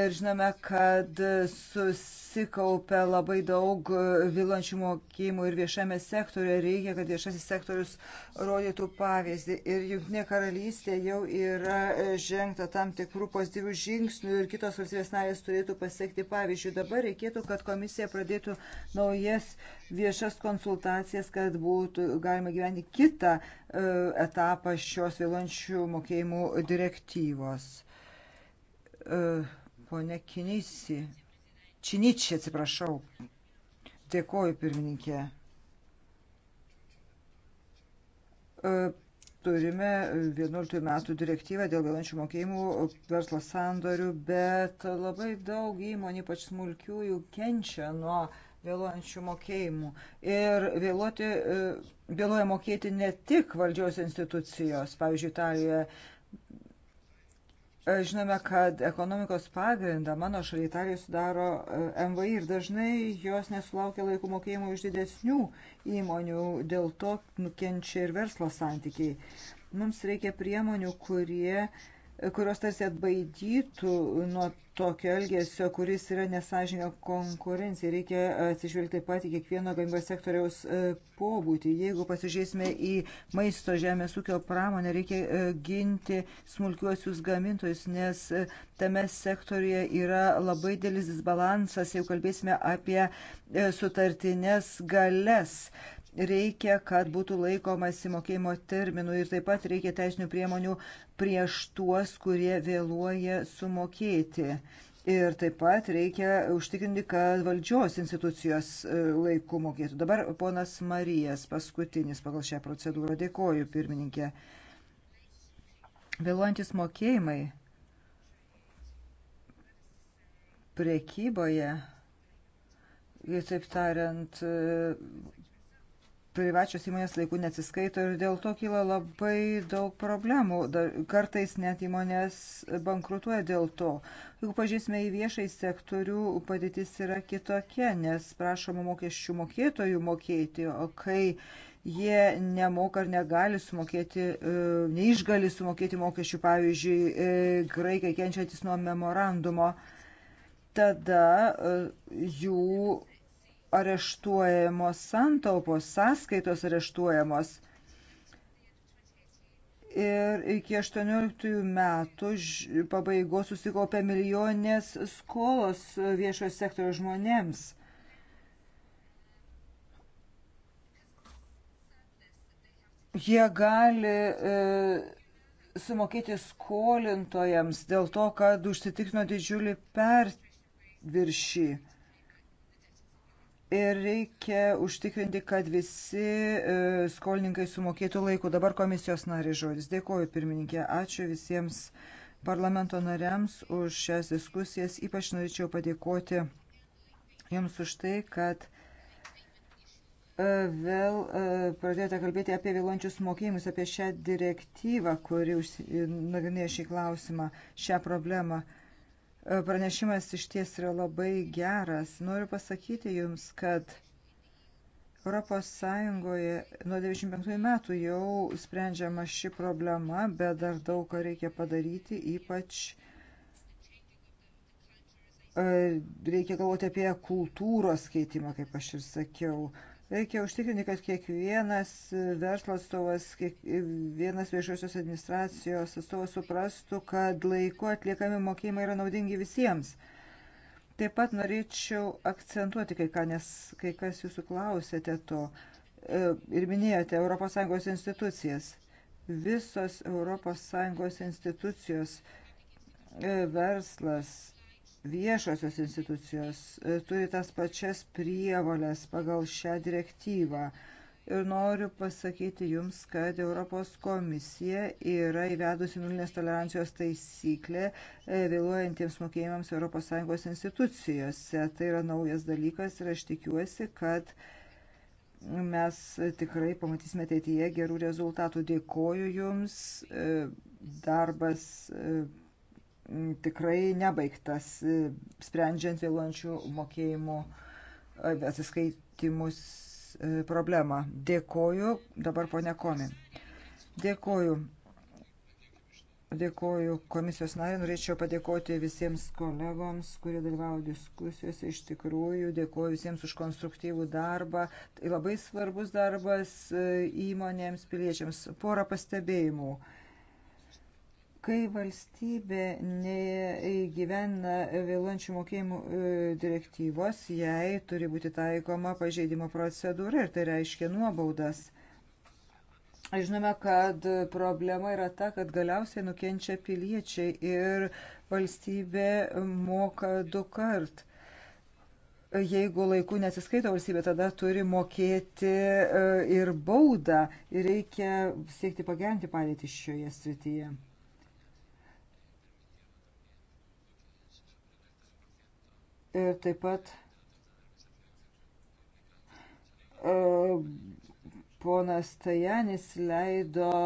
Speaker 3: Ir žinome, kad sus susikaupia labai daug e, vilančių mokymų ir viešame sektorėje reikia, kad viešasis sektorius rodytų pavyzdį. Ir Junktinė karalystė jau yra e, žengta tam tikrų pozityvių žingsnių ir kitos valstybės narės turėtų pasiekti pavyzdžių. Dabar reikėtų, kad komisija pradėtų naujas viešas konsultacijas, kad būtų galima gyventi kitą e, etapą šios vėlančių mokėjimų direktyvos. Pone Kinisi, Činičiai, atsiprašau. Dėkoju, pirmininkė. E, turime 11 metų direktyvą dėl vėlančių mokėjimų verslo sandorių, bet labai daug įmonių, ypač smulkiųjų, kenčia nuo vėluojančių mokėjimų. Ir vėluoti, e, vėluoja mokėti ne tik valdžios institucijos, pavyzdžiui, Italijoje E, žinome, kad ekonomikos pagrindą mano šalia Italijoje sudaro e, MVI ir dažnai jos nesulaukia laikų mokėjimų iš didesnių įmonių, dėl to nukenčia ir verslo santykiai. Mums reikia priemonių, kurie uh, kurios tarsi atbaidytų nuo tokio elgesio, kuris yra nesažinio konkurencija. Reikia atsižvelgti taip pat į kiekvieno gamybos sektoriaus e, pobūtį. Jeigu pasižiūrėsime į maisto žemės ūkio pramonę, reikia e, ginti smulkiuosius gamintojus, nes e, tame sektorija yra labai dėlis disbalansas, jeigu kalbėsime apie sutartinės gales reikia, kad būtų laikomasi mokėjimo terminų ir taip pat reikia teisinių priemonių prieš tuos, kurie vėluoja sumokėti. Ir taip pat reikia užtikrinti, kad valdžios institucijos e, laiku mokėtų. Dabar ponas Marijas, paskutinis pagal šią procedūrą. Dėkoju, pirmininkė. Vėluojantis mokėjimai prekyboje, taip tariant, privačios įmonės laiku neatsiskaito ir dėl to kyla labai daug problemų. Kartais net įmonės bankrutuoja dėl to. Jeigu pažiūrėsime į viešai sektorių, padėtis yra kitokia, nes prašoma mokesčių mokėtojų mokėti, o kai jie nemoka ar negali sumokėti, e, neišgali sumokėti mokesčių, pavyzdžiui, e, graikai kenčiantis nuo memorandumo, tada e, jų areštuojamos santaupos, sąskaitos areštuojamos. Ir iki 18 metų pabaigos susikaupė milijonės skolos viešojo sektorio žmonėms. Jie gali e, sumokėti skolintojams dėl to, kad užsitikrino didžiulį perviršį. E, Ir reikia užtikrinti, kad visi e, skolininkai sumokėtų laiku. Dabar komisijos nariai žodis. Dėkuoju, pirmininkė. Ačiū visiems parlamento nariams už šias diskusijas. Ypač norėčiau padėkoti Jums už tai, kad e, vėl e, pradėjote kalbėti apie vėluojančius mokėjimus, apie šią direktyvą, kuri nagrinėja šį klausimą, šią problemą. Pranešimas iš ties yra labai geras. Noriu pasakyti Jums, kad Europos Sąjungoje nuo 95 metų jau sprendžiama ši problema, bet dar daug ką reikia padaryti, ypač e, reikia galvoti apie kultūros keitimą, kaip aš ir sakiau. Reikia užtikrinti, kad kiekvienas verslo atstovas, kiekvienas viešosios administracijos atstovas suprastų, kad laiku atliekami mokėjimai yra naudingi visiems. Taip pat norėčiau akcentuoti kai ką, nes kai kas jūsų klausėte to e, ir minėjote ES institucijas. Visos ES institucijos, e, verslas, viešosios institucijos e, turi tas pačias prievolės pagal šią direktyvą. Ir noriu pasakyti Jums, kad Europos komisija yra įvedusi nulinės tolerancijos taisyklę e, vėluojantiems mokėjimams ES institucijose. Tai yra naujas dalykas ir aš tikiuosi, kad mes tikrai pamatysime ateityje gerų rezultatų. Dėkoju Jums. E, darbas tikrai nebaigtas, e, sprendžiant vėluojančių mokėjimų e, atsiskaitimus e, problemą. Dėkoju dabar ponia Komi. Dėkoju. Dėkoju komisijos nariai, norėčiau padėkoti visiems kolegoms, kurie dalyvavo diskusijose, iš tikrųjų dėkoju visiems už konstruktyvų darbą. Tai labai svarbus darbas įmonėms, piliečiams. Porą pastebėjimų. Uh, Kai valstybė neįgyvena vėlančių mokėjimų e, direktyvos, jai turi būti taikoma pažeidimo procedūra ir tai reiškia nuobaudas. Žinome, kad problema yra ta, kad galiausiai nukenčia piliečiai ir valstybė moka du kart. Jeigu laiku nesiskaito valstybė, tada turi mokėti e, ir baudą ir reikia siekti pagerinti padėtį šioje srityje. ir taip pat e, ponas Tajanis leido e,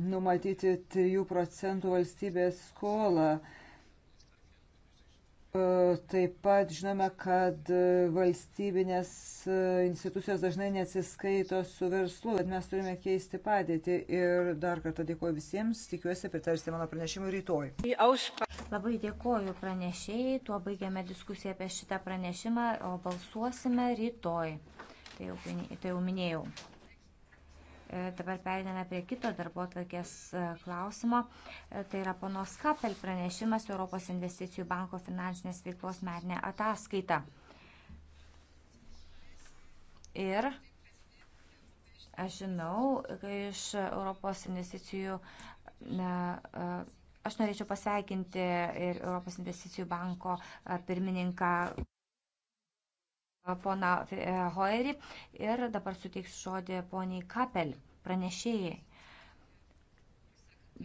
Speaker 3: numatyti 3 procentų valstybės skolą. E, taip pat žinome, kad valstybinės institucijos dažnai neatsiskaito su verslu, bet mes turime keisti padėtį. Ir dar kartą dėkuoju visiems, tikiuosi pritarsite mano pranešimui rytoj.
Speaker 1: Labai dėkoju pranešėjai, tuo baigiame diskusiją apie šitą pranešimą, o balsuosime rytoj. Tai jau, tai jau minėjau. E, dabar perėdame prie kito darbo atvarkės e, klausimo. E, tai yra ponos Kapel pranešimas Europos investicijų banko finansinės veiklos metinė ataskaita. Ir aš žinau, kai iš Europos investicijų ne, Aš norėčiau pasveikinti ir Europos investicijų banko e, pirmininką e, pona e, Hoerį ir dabar suteiksiu žodį poniai Kapel, pranešėjai.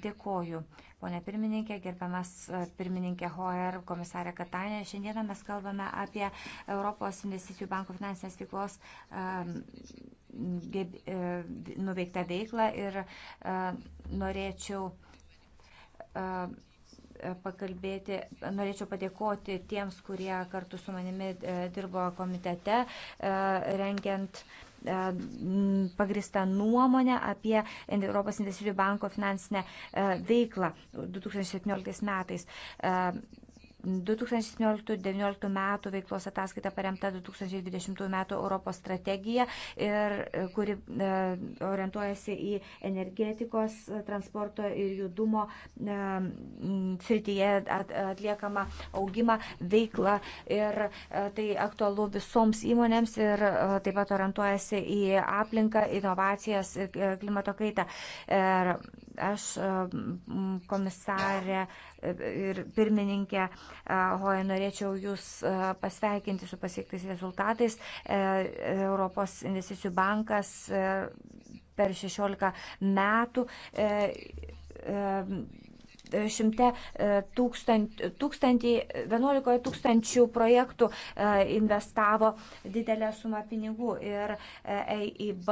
Speaker 1: Dėkoju. Pone pirmininkė, gerbiamas pirmininkė Hoer, komisarė Katanė, šiandieną mes kalbame apie Europos investicijų banko finansinės veiklos nuveiktą veiklą ir norėčiau pakalbėti, norėčiau padėkoti tiems, kurie kartu su manimi e, dirbo komitete, e, rengiant e, pagristą nuomonę apie Europos investicijų banko finansinę veiklą 2017 metais. 2017-2019 metų veiklos ataskaita paremta 2020 metų Europos strategija, ir, e, kuri e, orientuojasi į energetikos, e, transporto ir judumo srityje atliekamą augimą, veiklą. Ir tai aktualu visoms įmonėms ir taip pat orientuojasi į aplinką, inovacijas ir klimato kaitą. Ir Aš e, komisarė e, ir pirmininkė e, Hoja norėčiau Jūs pasveikinti su pasiektais rezultatais. Europos investicijų bankas per 16 metų šimte tūkstant, tūkstantį, 11 tūkstančių projektų investavo didelę sumą pinigų ir EIB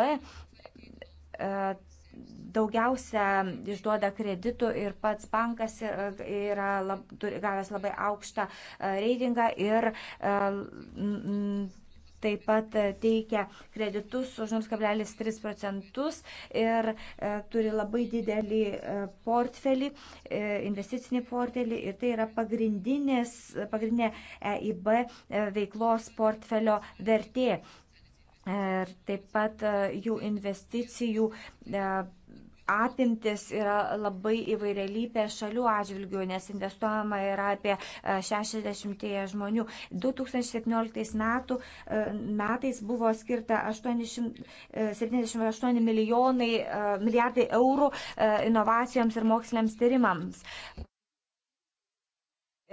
Speaker 1: daugiausia išduoda kreditų ir pats bankas yra lab, gavęs labai aukštą e, reitingą ir e, taip pat teikia kreditus už 0,3 procentus ir e, turi labai didelį portfelį, investicinį portfelį ir tai yra pagrindinė EIB veiklos portfelio vertė. Ir taip pat e, jų investicijų e, apimtis yra labai įvairialypė šalių atžvilgių, nes investuojama yra apie 60 e, žmonių. 2017 metų, metais buvo skirta 78 milijonai, milijardai eurų inovacijoms ir moksliniams tyrimams.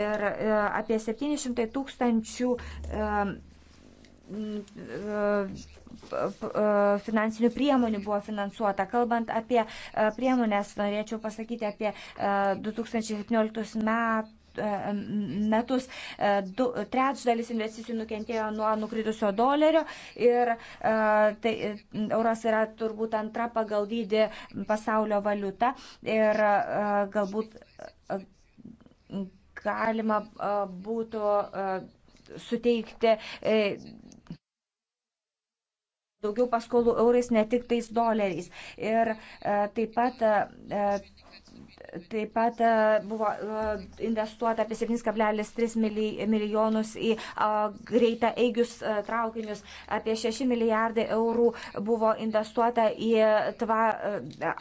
Speaker 1: Ir apie 700 tūkstančių finansinių priemonių buvo finansuota. Kalbant apie e, priemonės, norėčiau pasakyti apie 2017 e, metų e, metus du, trečdalis investicijų nukentėjo nuo nukritusio dolerio ir tai, euras yra turbūt antra pagal dydį pasaulio valiuta ir galbūt galima būtų suteikti daugiau paskolų eurais, ne tik tais doleriais. Ir e, taip pat e, Taip pat e, buvo e, investuota apie 7,3 milijonus į greitą eigius e, traukinius, apie 6 milijardai eurų buvo investuota į tva,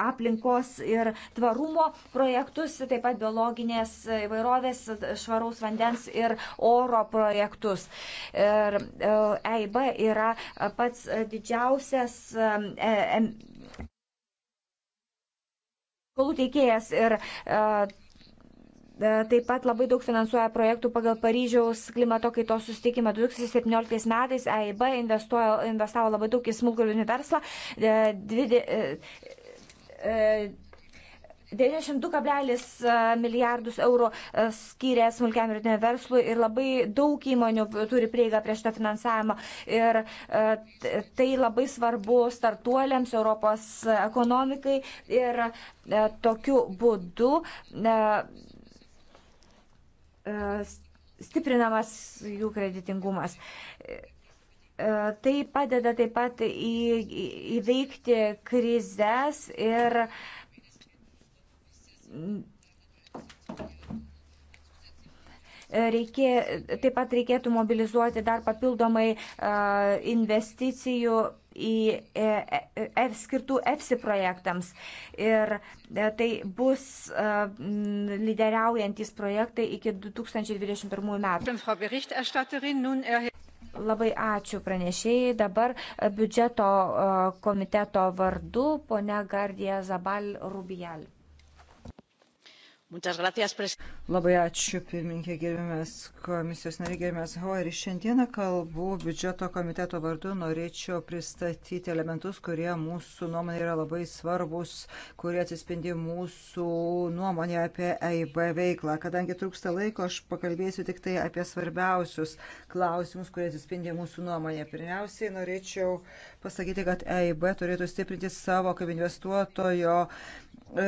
Speaker 1: aplinkos ir tvarumo projektus, taip pat biologinės įvairovės, švaraus vandens ir oro projektus. Ir EIB yra pats didžiausias skolų teikėjas ir e, e, taip pat labai daug finansuoja projektų pagal Paryžiaus klimato kaitos susitikimą. 2017 metais AIB investavo labai daug į smulkų verslą. E, dvide, 92 e, milijardus eurų e, skyrė smulkiam ir verslui ir labai daug įmonių turi prieigą prie šitą finansavimą. Ir e, tai labai svarbu startuoliams, Europos ekonomikai ir tokiu būdu stiprinamas jų kreditingumas. Tai padeda taip pat į, įveikti krizės ir uh, Reikė, taip pat reikėtų mobilizuoti dar papildomai uh, investicijų į e, e, e, F, skirtų EFSI projektams. Ir tai bus uh, lyderiaujantis projektai iki 2021 metų. Labai ačiū pranešėjai. Dabar biudžeto komiteto vardu ponia Gardija Zabal Rubijal.
Speaker 2: Labai
Speaker 1: ačiū, pirmininkė, gerbiamas
Speaker 3: komisijos nariai, gerbiamas Hoeri. Šiandieną kalbu biudžeto komiteto vardu, norėčiau pristatyti elementus, kurie mūsų nuomonė yra labai svarbus, kurie atsispindi mūsų nuomonė apie EIB veiklą. Kadangi trūksta laiko, aš pakalbėsiu tik tai apie svarbiausius klausimus, kurie atsispindi mūsų nuomonė. Pirmiausiai norėčiau pasakyti, kad EIB turėtų stiprinti savo kaip investuotojo. E,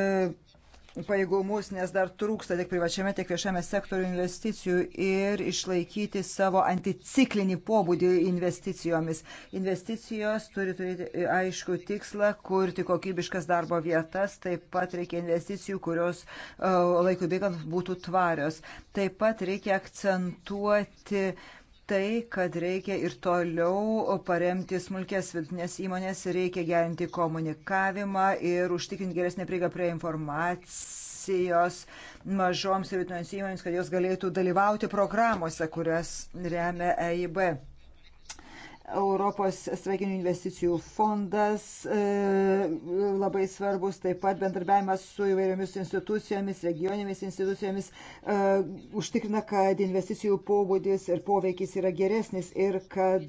Speaker 3: pajėgumus, nes dar trūksta tiek privačiame, tiek viešame sektoriu investicijų ir išlaikyti savo anticiklinį pobūdį investicijomis. Investicijos turi turėti e, aišku tikslą, kurti kokybiškas darbo vietas, taip pat reikia investicijų, kurios e, laikui bėgant būtų tvarios. Taip pat reikia akcentuoti uh, tai, kad reikia ir toliau paremti smulkės vidutinės įmonės, reikia gerinti komunikavimą ir užtikrinti geresnę prieigą prie informacijos mažoms ir vidutinėms įmonėms, kad jos galėtų dalyvauti programuose, kurias remia EIB. Europos strateginių investicijų fondas e, labai svarbus, taip pat bendarbiavimas su įvairiomis institucijomis, regioninėmis institucijomis e, užtikrina, kad investicijų pobūdis ir poveikis yra geresnis ir kad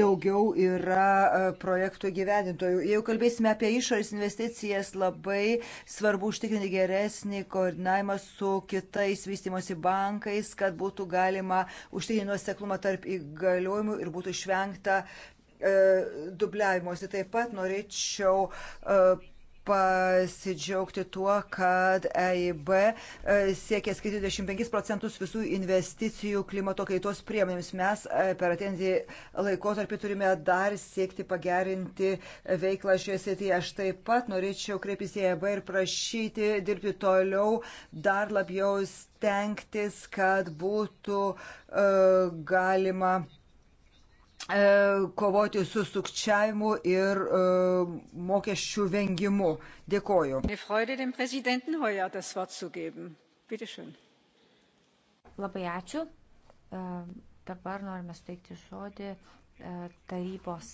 Speaker 3: daugiau yra e, projektų gyvenintojų. Jeigu kalbėsime apie išorės investicijas, labai svarbu užtikrinti geresnį koordinavimą su kitais vystimosi bankais, kad būtų galima užtikrinti nuoseklumą tarp įgaliojimų ir būtų išvengta vengta e, dubliavimuose. Taip pat norėčiau e, pasidžiaugti tuo, kad EIB e, siekia skirti 25 procentus visų investicijų klimato kaitos priemonėms. Mes per atendį laikotarpį turime dar siekti pagerinti veiklą šioje srityje. Aš taip pat norėčiau kreiptis į EIB ir prašyti dirbti toliau dar labiau stengtis, kad būtų uh, galima uh, E, kovoti su sukčiavimu ir e, mokesčių vengimu. Dėkoju.
Speaker 1: Labai ačiū. E, dabar norime suteikti žodį tarybos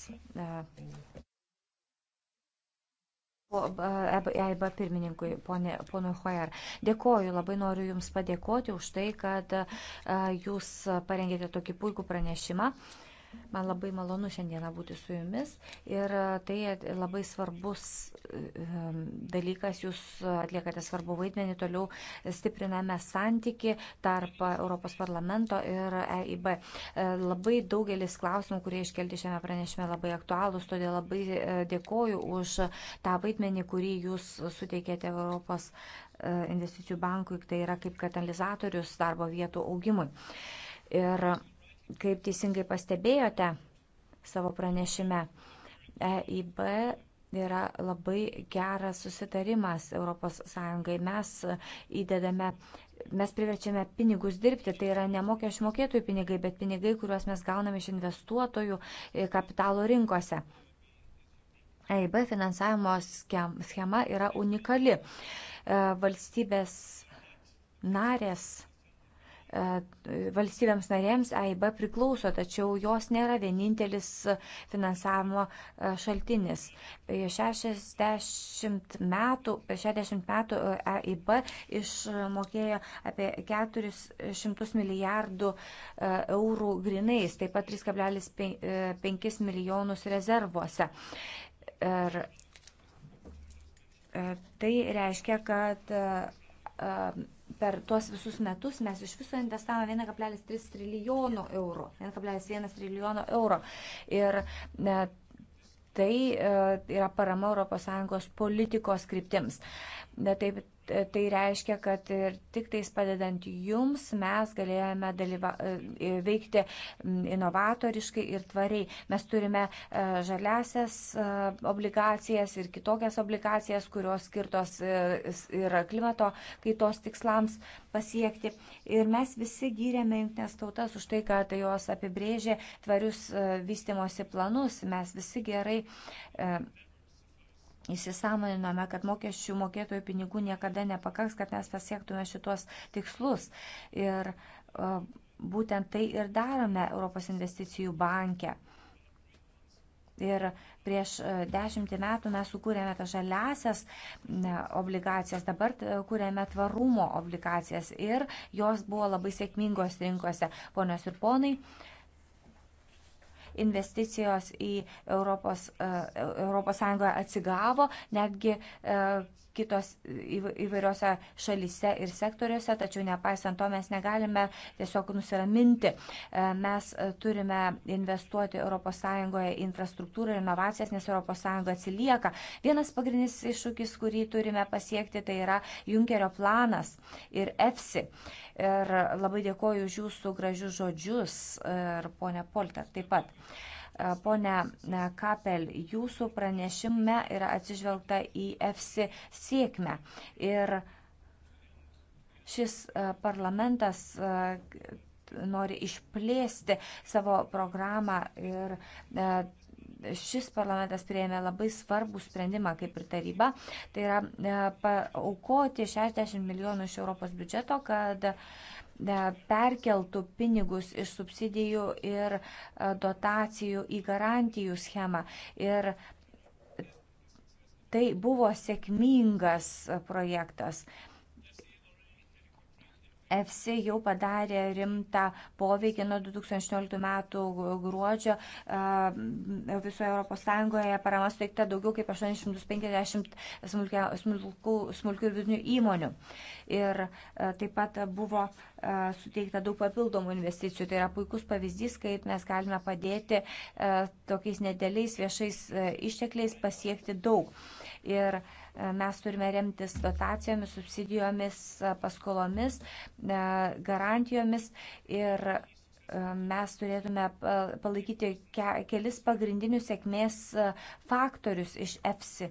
Speaker 1: EIB pirmininkui, ponė, ponui Hoyer. Dėkoju, labai noriu Jums padėkoti už tai, kad Jūs parengėte tokį puikų pranešimą. Uh, Man labai malonu šiandieną būti su jumis ir e, tai labai svarbus e, e, dalykas, jūs atliekate svarbu vaidmenį, toliau stipriname santyki tarp Europos parlamento ir EIB. Labai daugelis klausimų, kurie iškelti šiame pranešime, labai aktualūs, todėl labai dėkoju už tą vaidmenį, kurį jūs suteikėte Europos investicijų bankui, tai yra kaip katalizatorius darbo vietų augimui. Ir Kaip teisingai pastebėjote savo pranešime, EIB yra labai geras susitarimas ES. Mes įdedame mes priverčiame pinigus dirbti, tai yra ne mokesčių mokėtojų pinigai, bet pinigai, kuriuos mes gauname iš investuotojų e, kapitalo rinkose. EIB finansavimo schema yra unikali. E, valstybės narės valstybėms narėms AIB priklauso, tačiau jos nėra vienintelis finansavimo e, šaltinis. 60 e, metų, 60 metų e, AIB išmokėjo apie 400 milijardų eurų grinais, taip pat 3,5 milijonus rezervuose. Ir tai reiškia, kad per tuos visus metus mes iš viso investavome 1,3 trilijono eurų. 1,1 trilijono eurų. Ir ne, tai e, yra parama ES politikos kryptims. E, taip tai reiškia, kad ir tik tais padedant jums mes galėjome dalyva, e, veikti inovatoriškai ir tvariai. Mes turime e, žaliasias e, obligacijas ir kitokias obligacijas, kurios skirtos ir klimato kaitos tikslams pasiekti. Ir mes visi gyrėme jungtinės tautas už tai, kad jos apibrėžė tvarius vystimosi planus. Mes visi gerai įsisamoninome, kad mokesčių mokėtojų pinigų niekada nepakaks, kad mes pasiektume šitos tikslus. Ir e, būtent tai ir darome Europos investicijų banke. Ir prieš e, dešimtį metų mes sukūrėme tas žaliasias obligacijas, dabar e, kūrėme tvarumo obligacijas ir jos buvo labai sėkmingos rinkose. Ponios ir ponai, uh, investicijos į Europos, e, Europos Sąjungoje atsigavo, netgi e, kitos įvairiose šalise ir sektoriuose, tačiau nepaisant to mes negalime tiesiog nusiraminti. E, mes turime investuoti ES infrastruktūrą ir inovacijas, nes ES atsilieka. Vienas pagrindinis iššūkis, kurį turime pasiekti, tai yra Junkerio planas ir EFSI. Ir labai dėkoju už jūsų gražius žodžius ir ponia Polter taip pat. E, pone e, Kapel, jūsų pranešime yra atsižvelgta į EFSI sėkmę. Ir šis e, parlamentas nori išplėsti savo programą ir šis parlamentas prieėmė labai svarbų sprendimą, kaip ir taryba, tai yra aukoti 60 milijonų iš Europos biudžeto, kad E, perkeltų pinigus iš subsidijų ir e, dotacijų į garantijų schemą. Ir tai buvo sėkmingas e, projektas. FC jau padarė rimtą poveikį nuo 2018 metų gruodžio. Visoje Europos Sąjungoje parama suteikta daugiau kaip 850 smulkių, smulkių ir vidinių įmonių. Ir taip pat buvo suteikta daug papildomų investicijų. Tai yra puikus pavyzdys, kaip mes galime padėti tokiais nedėliais viešais ištekliais pasiekti daug. Ir uh, E, mes turime remtis dotacijomis, subsidijomis, e, paskolomis, e, garantijomis ir mes turėtume palaikyti kelis pagrindinius sėkmės faktorius iš EFSI.